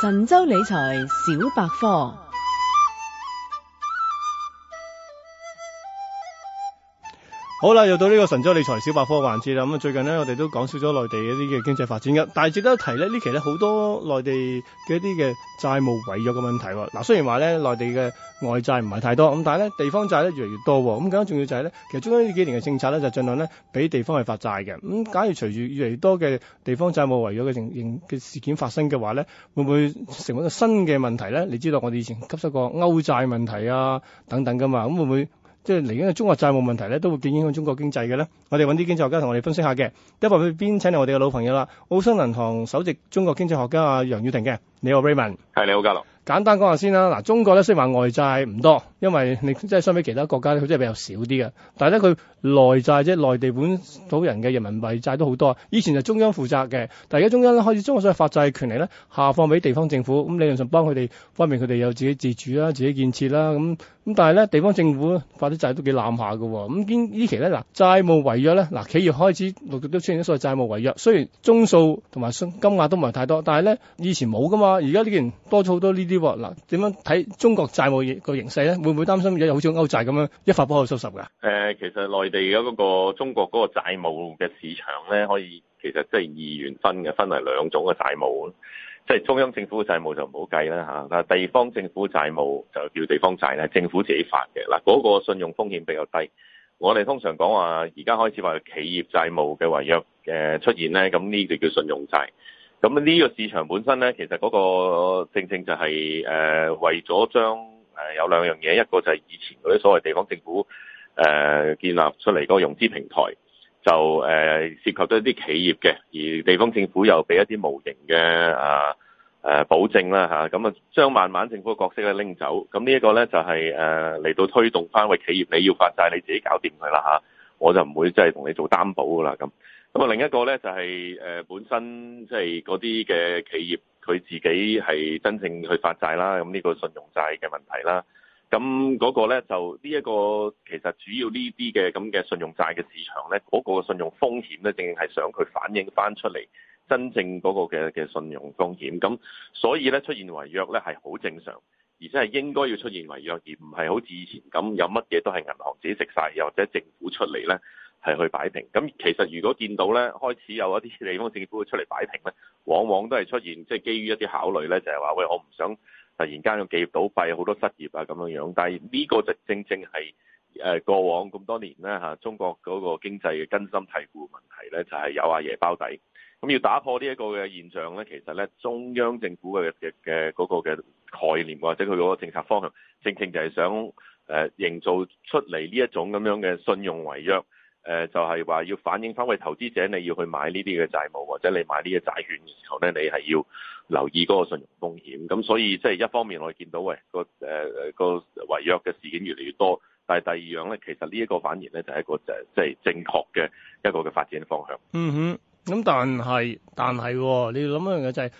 神州理財小百科。好啦，又到呢個神州理財小百科環節啦。咁、嗯、最近呢，我哋都講少咗內地一啲嘅經濟發展嘅，但係值得一提呢，期呢期咧好多內地嘅一啲嘅債務違約嘅問題、哦。嗱、啊，雖然話咧內地嘅外債唔係太多，咁但係咧地方債咧越嚟越多、哦。咁、嗯、更加重要就係咧，其實中央呢幾年嘅政策咧就盡量咧俾地方去發債嘅。咁、嗯、假如隨住越嚟越多嘅地方債務違約嘅情形嘅事件發生嘅話咧，會唔會成為一個新嘅問題咧？你知道我哋以前吸收過歐債問題啊等等㗎嘛？咁、嗯、會唔會？即係嚟緊嘅中國債務問題咧，都會點影響中國經濟嘅咧？我哋搵啲經濟學家同我哋分析下嘅。一陣去邊？請嚟我哋嘅老朋友啦，澳新銀行首席中國經濟學家啊，楊宇霆嘅。你好，Raymond。係 Ray，你好，家樂。簡單講下先啦，嗱，中國咧雖然話外債唔多，因為你即係相比其他國家佢真係比較少啲嘅。但係咧佢內債即係，內地本土人嘅人民幣債都好多。以前就中央負責嘅，但係而家中央咧開始將個所謂發債權力，咧下放俾地方政府，咁理論上幫佢哋方便佢哋有自己自主啦、自己建設啦。咁咁但係咧地方政府發啲債都幾濫下嘅。咁呢呢期咧嗱，債務違約咧嗱，企業開始陸續都出現咗所謂債務違約。雖然宗數同埋數金額都唔係太多，但係咧以前冇㗎嘛，而家呢件多咗好多呢。嗱，點樣睇中國債務個形勢咧？會唔會擔心而家好似歐債咁樣一發不可收拾噶？呃，其實內地嘅嗰個中國嗰個債務嘅市場咧，可以其實即係二元分嘅，分為兩種嘅債務。即係中央政府債務就唔好計啦，但係、啊、地方政府債務就叫地方債啦，政府自己發嘅嗱，嗰、啊嗰個信用風險比較低。我哋通常講話，而家開始話企業債務嘅違約嘅出現咧，咁呢個叫信用債。咁呢個市場本身呢，其實嗰個正正就係、是、誒、呃、為咗將誒有兩樣嘢，一個就係以前嗰啲所謂地方政府誒、呃、建立出嚟嗰個融資平台，就誒、呃、涉及咗一啲企業嘅，而地方政府又俾一啲無形嘅啊，啊保證啦嚇，咁啊將慢慢政府嘅角色咧拎走，咁呢一個呢，就係誒嚟到推動翻為企業你要發債你自己搞掂佢啦嚇，我就唔會即係同你做擔保噶啦咁。啊咁啊，另一個咧就係誒本身即係嗰啲嘅企業佢自己係真正去發債啦，咁呢個信用債嘅問題啦。咁嗰個咧就呢一個其實主要呢啲嘅咁嘅信用債嘅市場咧，嗰個信用風險咧，正正係想佢反映翻出嚟真正嗰個嘅嘅信用風險，咁所以咧出現違約咧係好正常，而且係應該要出現違約，而唔係好似以前咁有乜嘢都係銀行自己食晒，又或者政府出嚟咧。係去擺平咁。其實如果見到咧開始有一啲地方政府會出嚟擺平咧，往往都係出現即係、就是、基於一啲考慮咧，就係、是、話：喂，我唔想突然間個企業倒閉，好多失業啊咁樣樣，但係呢個就正正係誒過往咁多年咧嚇中國嗰個經濟嘅根深蒂固問題咧，就係、是、有阿爺包底。咁要打破呢一個嘅現象咧，其實咧中央政府嘅嘅嗰個嘅概念或者佢嗰個政策方向，正正就係想誒、呃、營造出嚟呢一種咁樣嘅信用違約。誒、呃，就係、是、話要反映翻喂，投資者你要去買呢啲嘅債務，或者你買呢個債券嘅時候咧，你係要留意嗰個信用風險。咁所以即係、就是、一方面我哋見到喂，個誒個違約嘅事件越嚟越多，但係第二樣咧，其實呢、就是、一個反而咧就係、是、一個即係正確嘅一個嘅發展方向。嗯哼，咁但係但係、哦、你要諗一樣嘢就係、是。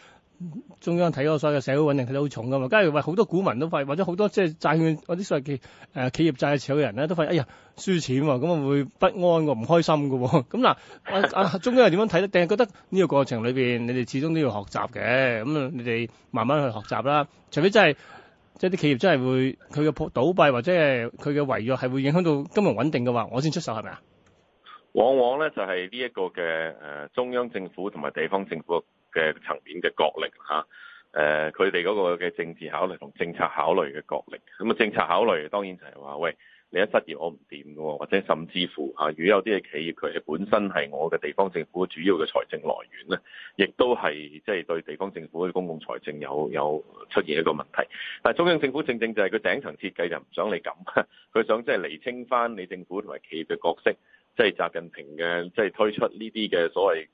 中央睇嗰個所謂嘅社會穩定睇得好重噶嘛，假如話好多股民都費，或者好多即係債券嗰啲所謂嘅誒企業債持有人咧都費，哎呀輸錢、啊，咁啊會不安噶，唔開心噶、啊，咁嗱，阿、啊、阿中央係點樣睇咧？定係覺得呢個過程裏邊，你哋始終都要學習嘅，咁啊你哋慢慢去學習啦。除非真係即係啲企業真係會佢嘅倒閉或者係佢嘅違約係會影響到金融穩定嘅話，我先出手係咪啊？是是往往咧就係呢一個嘅誒中央政府同埋地方政府，嘅層面嘅角力嚇，誒佢哋嗰個嘅政治考慮同政策考慮嘅角力，咁啊政策考慮當然就係話，喂，你一失業我唔掂㗎喎，或者甚至乎嚇、啊，如果有啲嘅企業佢係本身係我嘅地方政府主要嘅財政來源咧，亦都係即係對地方政府嘅公共財政有有出現一個問題，但係中央政府正正就係佢頂層設計就唔想你咁，佢想即係釐清翻你政府同埋企業嘅角色。即係習近平嘅，即係推出呢啲嘅所謂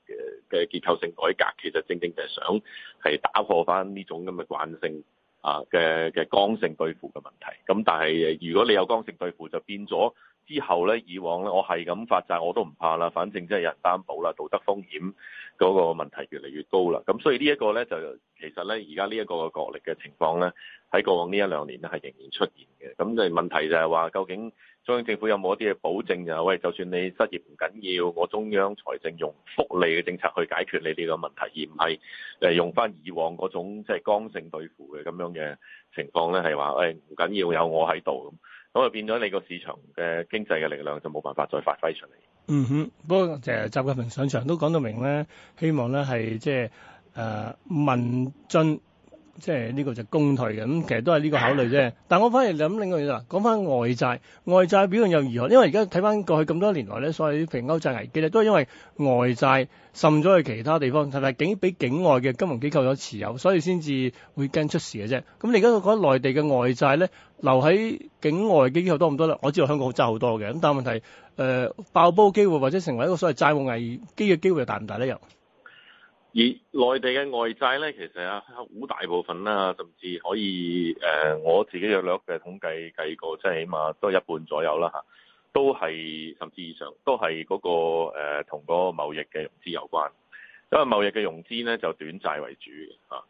嘅嘅結構性改革，其實正正就係想係打破翻呢種咁嘅慣性的啊嘅嘅剛性兌付嘅問題。咁但係如果你有剛性兌付，就變咗之後咧，以往咧我係咁發債，我都唔怕啦，反正即係有人擔保啦，道德風險嗰個問題越嚟越高啦。咁所以呢個呢一個咧就其實咧，而家呢一個嘅國力嘅情況咧，喺過往呢一兩年咧係仍然出現嘅。咁就係問題就係話究竟，中央政府有冇一啲嘅保證？就係喂，就算你失業唔緊要，我中央財政用福利嘅政策去解決你哋個問題，而唔係誒用翻以往嗰種即係剛性兌付嘅咁樣嘅情況咧，係話誒唔緊要有我喺度咁，咁就變咗你個市場嘅經濟嘅力量就冇辦法再發揮出嚟。嗯哼，不過誒習近平上場都講到明咧，希望咧係即係誒民即係呢，這個就公退嘅，咁其實都係呢個考慮啫。但我反而諗另外嘢啦，講翻外債，外債表現又如何？因為而家睇翻過去咁多年來咧，所謂肥歐債危機咧都係因為外債滲咗去其他地方，係咪境俾境外嘅金融機構所持有，所以先至會驚出事嘅啫。咁你而家覺得內地嘅外債咧留喺境外機構多唔多咧？我知道香港好揸好多嘅，咁但係問題誒，呃、爆煲機會或者成為一個所謂債務危機嘅機會又大唔大咧？又？而內地嘅外債呢，其實啊，好大部分啦、啊，甚至可以誒、呃，我自己有略嘅統計計過，即係起碼都一半左右啦嚇，都係甚至以上，都係嗰、那個同嗰、呃、個貿易嘅融資有關，因為貿易嘅融資呢，就短債為主，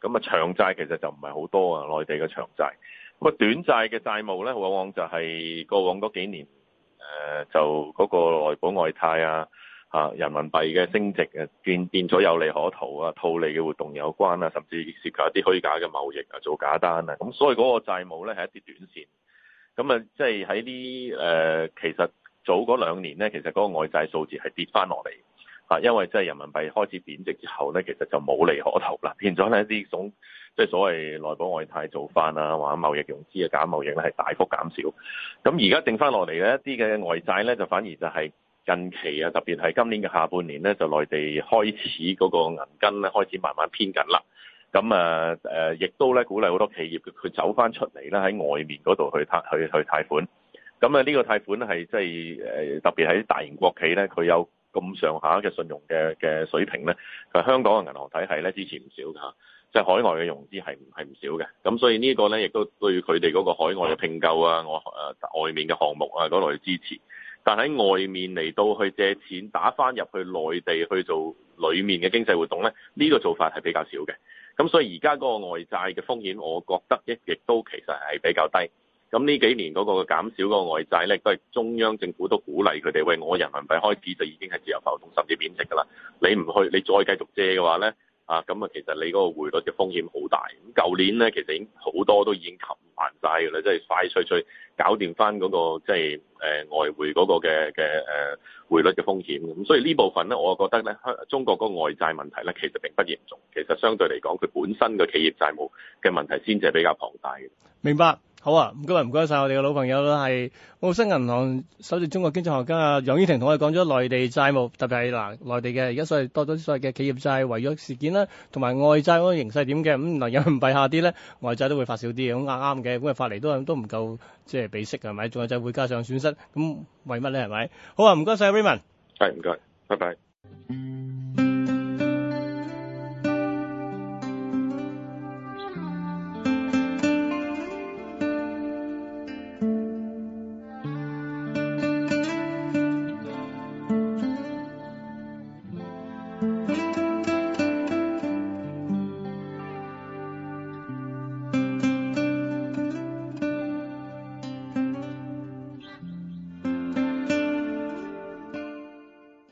咁啊長債其實就唔係好多啊，內地嘅長債，咁、那個、短債嘅債務呢，往往就係過往嗰幾年誒、呃、就嗰個內保外貸啊。啊，人民幣嘅升值啊，變變咗有利可圖啊，套利嘅活動有關啊，甚至涉及一啲虛假嘅貿易啊，做假單啊，咁所以嗰個債務咧係一啲短線，咁啊，即係喺呢誒，其實早嗰兩年咧，其實嗰個外債數字係跌翻落嚟，啊，因為即係人民幣開始貶值之後咧，其實就冇利可圖啦，變咗咧啲種即係所謂內保外貸做翻啊，或者貿易融資嘅假貿易咧係大幅減少，咁而家剩翻落嚟嘅一啲嘅外債咧，就反而就係、是。近期啊，特別係今年嘅下半年咧，就內地開始嗰個銀根咧開始慢慢偏緊啦。咁啊誒，亦都咧鼓勵好多企業佢走翻出嚟啦，喺外面嗰度去貸去去貸款。咁啊，呢個貸款咧係即係誒，特別喺大型國企咧，佢有咁上下嘅信用嘅嘅水平咧，佢香港嘅銀行體系咧支持唔少噶，即係海外嘅融資係係唔少嘅。咁所以呢個咧，亦都對佢哋嗰個海外嘅併購啊，我誒外面嘅項目啊嗰度去支持。但喺外面嚟到去借錢打翻入去內地去做裏面嘅經濟活動呢，呢，呢個做法係比較少嘅。咁所以而家嗰個外債嘅風險，我覺得咧，亦都其實係比較低。咁呢幾年嗰個減少嗰個外債呢，都係中央政府都鼓勵佢哋，喂，我人民幣開始就已經係自由浮動，甚至貶值㗎啦。你唔去，你再繼續借嘅話呢，啊，咁啊，其實你嗰個匯率嘅風險好大。咁舊年呢，其實已經好多都已經。還曬㗎啦，即係快脆脆搞掂翻嗰個，即係誒外匯嗰個嘅嘅誒匯率嘅風險咁，所以呢部分咧，我覺得咧香中國嗰個外債問題咧，其實並不嚴重，其實相對嚟講，佢本身嘅企業債務嘅問題先至係比較龐大嘅。明白。好啊，唔該唔該晒我哋嘅老朋友啦，係澳新銀行首席中國經濟學家啊。楊宇霆同我哋講咗內地債務，特別係嗱內地嘅而家所謂多咗啲所謂嘅企業債違約事件啦，同埋外債嗰個形勢點嘅，咁人民幣下跌咧，外債都會發少啲，咁啱啱嘅咁啊發嚟都都唔夠即係俾息係咪？仲有就會加上損失，咁為乜咧係咪？好啊，唔該晒 Raymond，係唔該，拜拜。